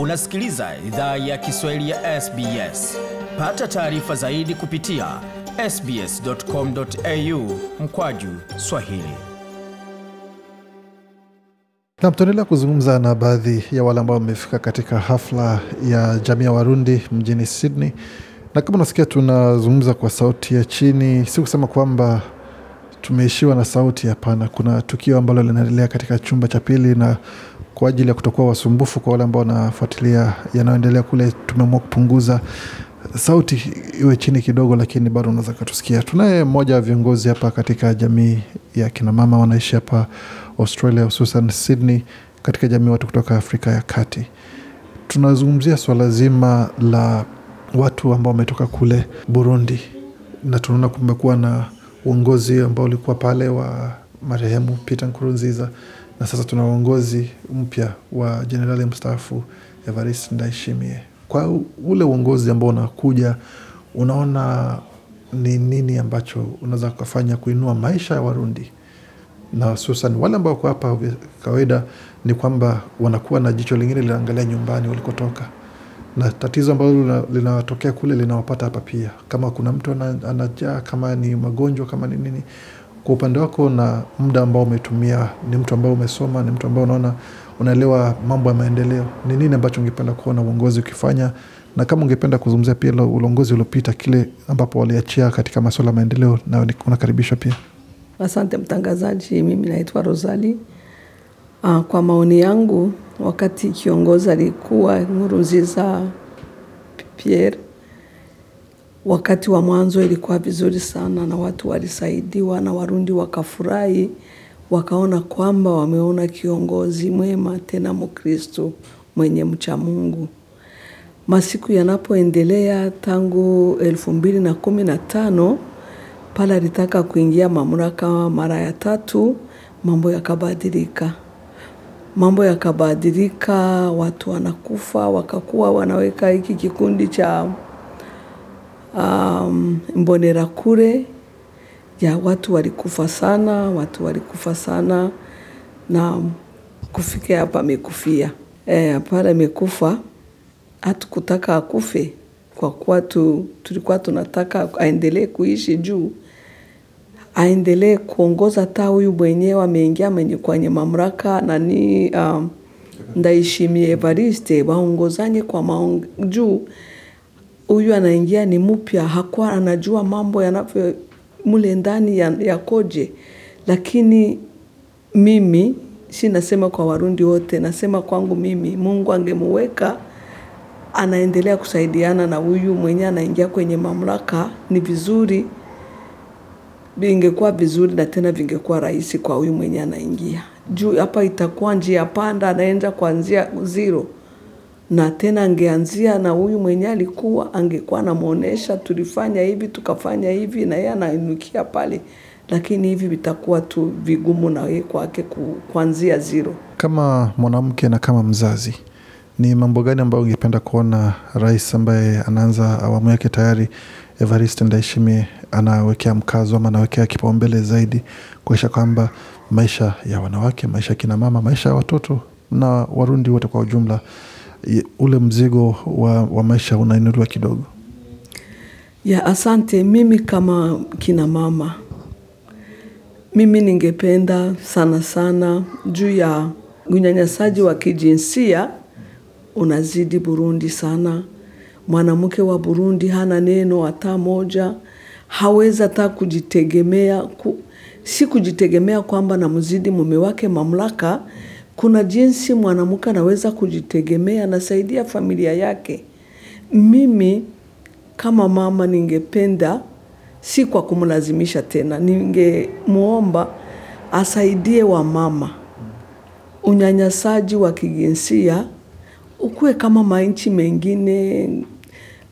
Unasikiliza idhaa ya Kiswahili ya SBS. Pata taarifa zaidi kupitia sbs.com.au mkwaju swahili. Nam, tunaendelea kuzungumza na baadhi ya wale ambao wamefika katika hafla ya jamii ya Warundi mjini Sydney, na kama unasikia tunazungumza kwa sauti ya chini, si kusema kwamba tumeishiwa na sauti, hapana. Kuna tukio ambalo linaendelea katika chumba cha pili na kwa ajili ya kutokuwa wasumbufu kwa wale ambao wanafuatilia yanayoendelea kule. Tumeamua kupunguza sauti iwe chini kidogo, lakini bado unaweza katusikia. Tunaye mmoja wa viongozi hapa katika jamii ya kinamama wanaishi hapa Australia, hususan Sydney, katika jamii watu kutoka Afrika ya Kati. Tunazungumzia swala zima la watu ambao wametoka kule Burundi, na tunaona kumekuwa na uongozi ambao ulikuwa pale wa marehemu Peter Nkurunziza na sasa tuna uongozi mpya wa jenerali mstaafu Evarist Ndaishimie. Kwa ule uongozi ambao unakuja, unaona ni nini ambacho unaweza kufanya kuinua maisha ya Warundi na hususan wale ambao wako hapa kawaida, ni kwamba wanakuwa na jicho lingine linaangalia nyumbani walikotoka, na tatizo ambalo linawatokea kule linawapata hapa pia. Kama kuna mtu anajaa, kama ni magonjwa, kama ni nini, kwa upande wako na muda ambao umetumia, ni mtu ambao umesoma, ni mtu ambao unaona unaelewa mambo ya maendeleo. Ni nini ambacho ungependa kuona uongozi ukifanya na kama ungependa kuzungumzia pia uongozi uliopita kile ambapo waliachia katika maswala ya maendeleo na unakaribishwa pia. Asante mtangazaji, mimi naitwa Rosali. Ah, kwa maoni yangu, wakati kiongozi alikuwa Nkurunziza Pierre, Wakati wa mwanzo ilikuwa vizuri sana na watu walisaidiwa na Warundi wakafurahi, wakaona kwamba wameona kiongozi mwema, tena Mkristo mwenye mcha Mungu. Masiku yanapoendelea tangu elfu mbili na kumi na tano pale alitaka kuingia mamlaka mara ya tatu, mambo yakabadilika. Mambo yakabadilika, watu wanakufa, wakakuwa wanaweka hiki kikundi cha um, kure ya watu walikufa sana, watu walikufa sana na kufika hapa amekufia. E, pale amekufa, hatukutaka akufe kwa kuwa tu, tulikuwa tunataka aendelee kuishi juu aendelee kuongoza ta Huyu mwenyewe ameingia mwenye kwenye mamlaka nani, um, Ndayishimiye Evariste waongozanye kwa juu huyu anaingia ni mpya, hakuwa anajua mambo yanavyo mule ndani yakoje ya lakini mimi si nasema kwa Warundi wote, nasema kwangu mimi, Mungu angemuweka anaendelea kusaidiana na huyu mwenye anaingia kwenye mamlaka, ni vizuri, vingekuwa vizuri na tena vingekuwa rahisi kwa huyu mwenye anaingia juu. Hapa itakuwa njia panda, anaenda kuanzia zero na tena angeanzia na huyu mwenye alikuwa, angekuwa anamwonyesha tulifanya hivi tukafanya hivi, na yeye anainukia pale, lakini hivi vitakuwa tu vigumu na yeye kwake kuanzia zero. Kama mwanamke na kama mzazi, ni mambo gani ambayo ungependa kuona rais ambaye anaanza awamu yake tayari Evariste Ndayishimiye anawekea mkazo ama anawekea kipaumbele zaidi kuakisha kwamba maisha ya wanawake, maisha ya kinamama maisha ya watoto na Warundi wote kwa ujumla ule mzigo wa, wa maisha unainuliwa kidogo ya asante. Mimi kama kina mama, mimi ningependa sana sana juu ya unyanyasaji wa kijinsia unazidi Burundi sana. Mwanamke wa Burundi hana neno hata moja, hawezi hata kujitegemea ku, si kujitegemea kwamba namzidi mume wake mamlaka kuna jinsi mwanamke anaweza kujitegemea, anasaidia familia yake. Mimi kama mama ningependa, si kwa kumlazimisha tena, ningemwomba asaidie wamama. Unyanyasaji wa kijinsia ukuwe kama manchi mengine,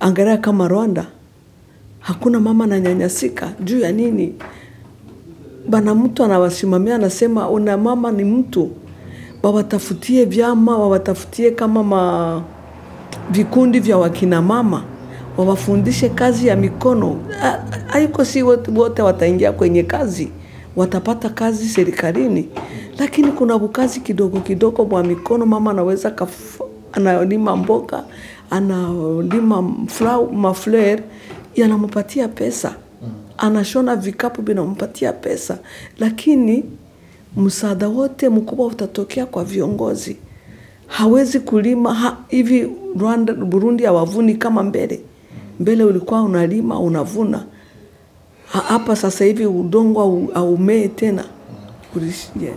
angalia kama Rwanda, hakuna mama ananyanyasika juu ya nini? Bana, mtu anawasimamia anasema, una mama ni mtu wawatafutie vyama, wawatafutie kama ma vikundi vya wakinamama wawafundishe kazi ya mikono. Haiko si wote wataingia kwenye kazi, watapata kazi serikalini, lakini kuna bukazi kidogo kidogo bwa mikono. Mama anaweza analima mboga, analima mafler yanampatia pesa, mm. anashona vikapu vinampatia pesa, lakini msaada wote mkubwa utatokea kwa viongozi. Hawezi kulima ha, hivi Rwanda, Burundi hawavuni kama mbele. Mbele ulikuwa unalima unavuna, hapa sasa hivi udongo haumee tena.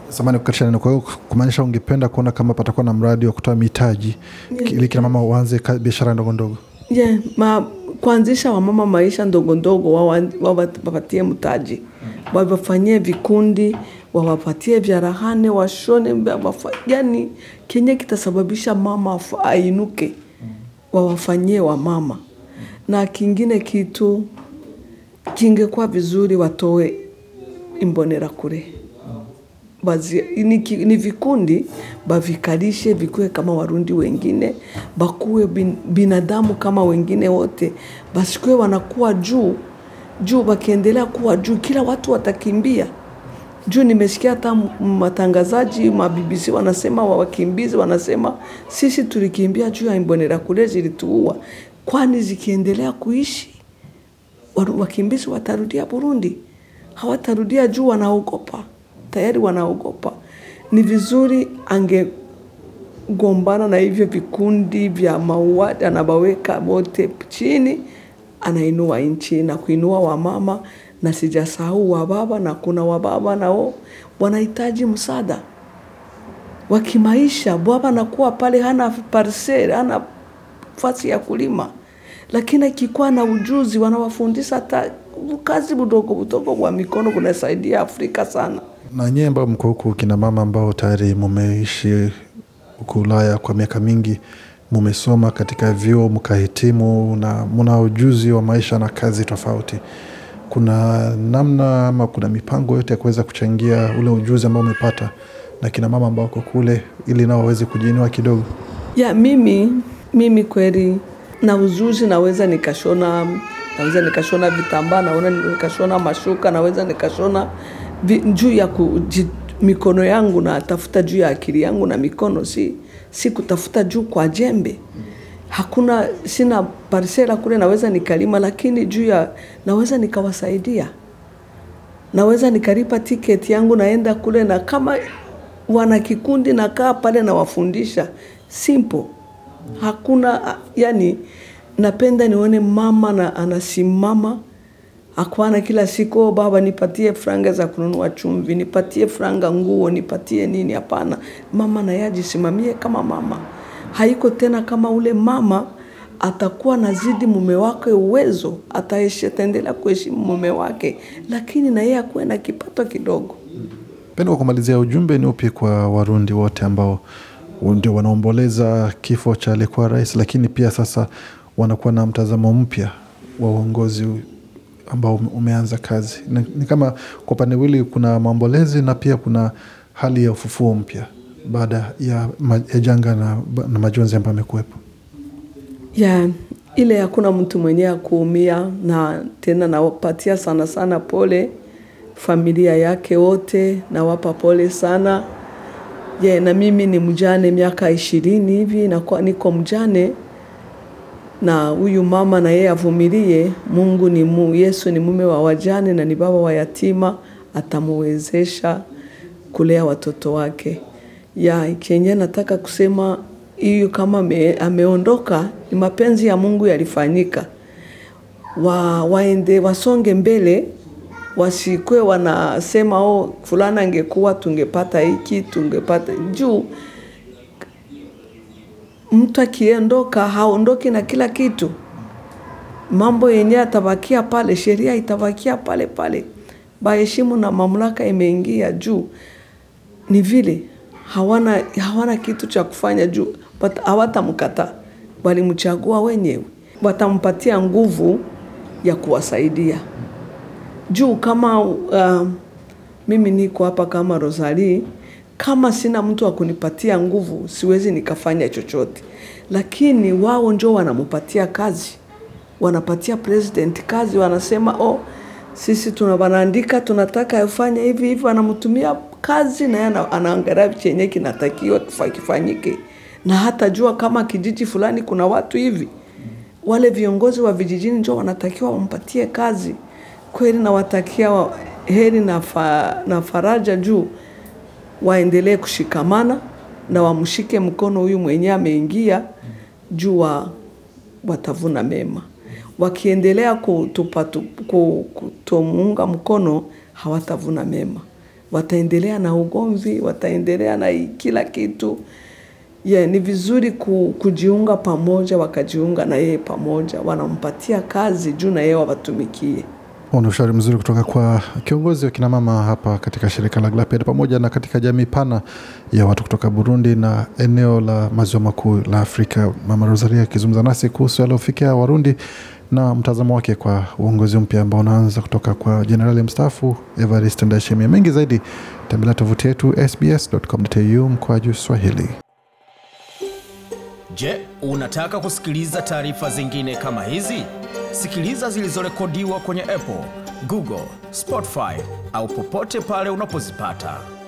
Samani kukatisha, kwa hiyo kumaanisha ungependa kuona kama patakuwa na mradi wa kutoa mitaji yeah, ili kina mama waanze biashara ndogo ndogo yeah, ma, kuanzisha wamama maisha ndogo ndogo, wawapatie mtaji, wawafanyie mm. vikundi wawapatie vyarahane, washone yani kenye kitasababisha mama ainuke, wawafanyie wamama. Na kingine kitu kingekuwa vizuri watoe imbonera kure Bazi, ni, ni vikundi bavikalishe vikuwe kama Warundi wengine, bakuwe bin, binadamu kama wengine wote, basikuwe wanakuwa juu juu, bakiendelea kuwa juu, kila watu watakimbia juu nimesikia hata matangazaji mabibisi wanasema, wakimbizi wanasema sisi tulikimbia juu ya kule zilituua, kwani zikiendelea kuishi wakimbizi watarudia Burundi? Hawatarudia juu wanaogopa, tayari wanaogopa. Ni vizuri angegombana na hivyo vikundi vya mauaji, anabaweka wote chini, anainua nchi na kuinua wamama na sijasahau wababa na kuna wababa nao wanahitaji msaada wa kimaisha. Baba anakuwa pale hana parcel, hana fasi ya kulima, lakini akikuwa na ujuzi, wanawafundisha hata kazi budogo budogo kwa mikono, kunasaidia Afrika sana. Na nyie ambao mko huku, kina mama ambao tayari mumeishi huku Ulaya kwa miaka mingi, mumesoma katika vyuo mkahitimu, na muna ujuzi wa maisha na kazi tofauti kuna namna ama kuna mipango yote ya kuweza kuchangia ule ujuzi ambao umepata na kina mama ambao wako kule, ili nao waweze kujiinua kidogo? Ya mimi mimi kweli na ujuzi, naweza nikashona, naweza nikashona vitambaa, naona nikashona mashuka, naweza nikashona juu ya kuji, mikono yangu na tafuta juu ya akili yangu na mikono, si si kutafuta juu kwa jembe hakuna, sina parsela kule naweza nikalima, lakini juu ya naweza nikawasaidia, naweza nikalipa tiketi yangu naenda kule, na kama wana kikundi nakaa pale nawafundisha simple. Hakuna yani, napenda nione mama na anasimama akwana kila siku, oh, baba nipatie franga za kununua chumvi, nipatie franga nguo, nipatie nini. Hapana, mama naye ajisimamie kama mama haiko tena kama ule mama atakuwa nazidi mume wake uwezo, ataendelea kuheshimu mume wake, lakini na yeye akuwe na kipato kidogo. Penda kwa kumalizia, ujumbe ni upi kwa Warundi wote ambao ndio wanaomboleza kifo cha aliyekuwa rais, lakini pia sasa wanakuwa na mtazamo mpya wa uongozi ambao umeanza kazi? Ni kama kwa upande wili kuna maombolezi na pia kuna hali ya ufufuo mpya baada ya, ya janga na, na majonzi ambayo amekuwepo yeah. Ile hakuna mtu mwenyewe kuumia, na tena nawapatia sana sana pole familia yake wote, nawapa pole sana yeah. Na mimi ni mjane miaka ishirini hivi na kwa niko mjane na huyu mama na yeye avumilie. Mungu ni mu, Yesu ni mume wa wajane na ni baba wa yatima, atamuwezesha kulea watoto wake ya chenye nataka kusema hiyo, kama me, ameondoka ni mapenzi ya Mungu yalifanyika, wa, waende wasonge mbele, wasikwe wanasema oh, fulana angekuwa tungepata hiki tungepata juu. Mtu akiondoka haondoki na kila kitu, mambo yenye atabakia pale, sheria itabakia pale pale, baheshimu na mamlaka imeingia juu, ni vile hawana, hawana kitu cha kufanya juu hawatamkata walimchagua wenyewe, watampatia nguvu ya kuwasaidia juu kama uh, mimi niko hapa kama rosali kama sina mtu wa kunipatia nguvu siwezi nikafanya chochote, lakini wao njo wanampatia kazi, wanapatia president kazi, wanasema oh sisi tunabanaandika, tunataka afanye hivi hivi, anamtumia kazi yeye anaangalia chenye kinatakiwa kifanyike, na hata jua kama kijiji fulani kuna watu hivi. Wale viongozi wa vijijini ndio wanatakiwa wampatie kazi kweli, nawatakia heri na, fa, na faraja juu waendelee kushikamana na wamshike mkono huyu mwenyewe ameingia juu watavuna mema wakiendelea kutomuunga mkono hawatavuna mema, wataendelea na ugomvi, wataendelea na kila kitu. Yeah, ni vizuri ku, kujiunga pamoja, wakajiunga na yeye pamoja, wanampatia kazi juu na yeye wawatumikie. Ni ushauri mzuri kutoka kwa kiongozi wa kinamama hapa katika shirika la GLAPED pamoja na katika jamii pana ya watu kutoka Burundi na eneo la maziwa makuu la Afrika. Mama Rosaria akizungumza nasi kuhusu aliofikia Warundi na mtazamo wake kwa uongozi mpya ambao unaanza kutoka kwa jenerali mstaafu evarist Ndayishimiye. Mengi zaidi, tembelea tovuti yetu sbs.com.au mkoaju Swahili. Je, unataka kusikiliza taarifa zingine kama hizi? Sikiliza zilizorekodiwa kwenye Apple, Google, Spotify au popote pale unapozipata.